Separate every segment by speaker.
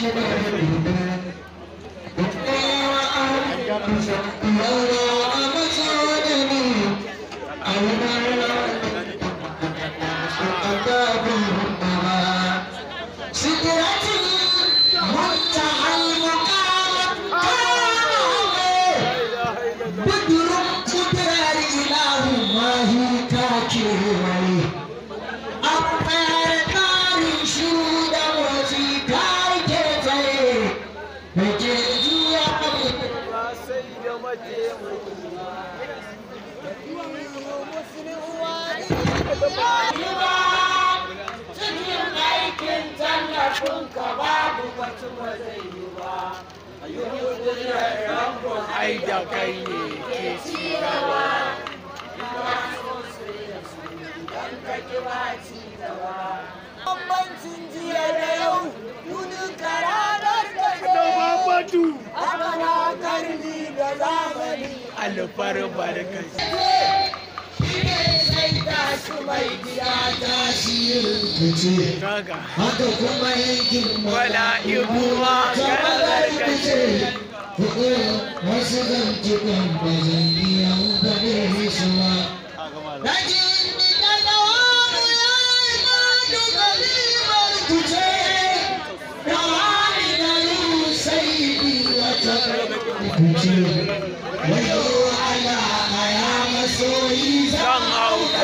Speaker 1: شباب الهدى اتقوا وأنفسكم cikin aikin tallafin ba da kai ne ke ci gaba a so sai da su ba ci gaba jiya da yau yunin kararar da na da zamani fice haka kuma yankin mala'ibuwa kanar kace wasu zantukan ba zan iya faɗe su ba Rajin da dawa mu ya yi ba duka ribar kuce dawa ina rusai bi wata wayo ala a ya masoyi zama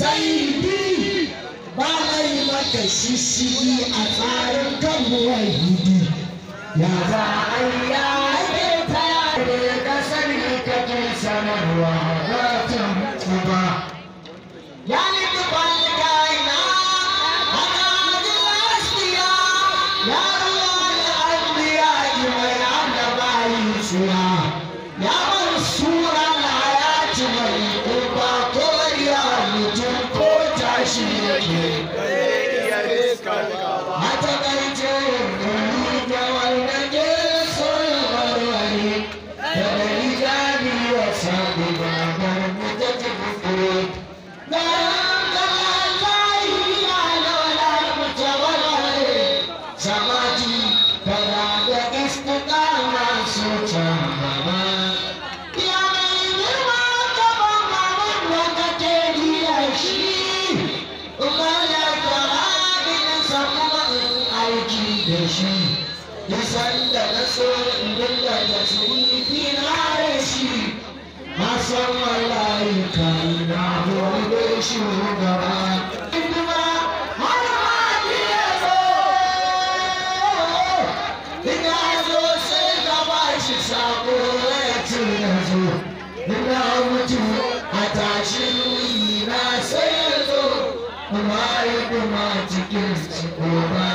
Speaker 1: saidi ba yi maka shishigi a tsarin kan ya za ya ake tare ka sani kake sanarwa ba ba ya Nisan da na so in gunda da shi ina da shi. Masan wallahi ta yi na gobe shi gaba. Ina sai yanzu, kuma yi kuma cikin cikin ba.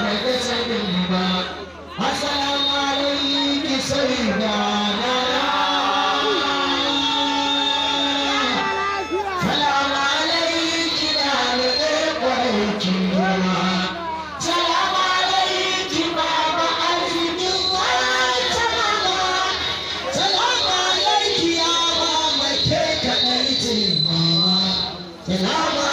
Speaker 1: El agua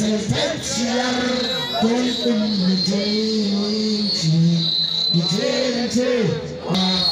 Speaker 1: tazartacciyar don ɗin mutum ce, mutum ce,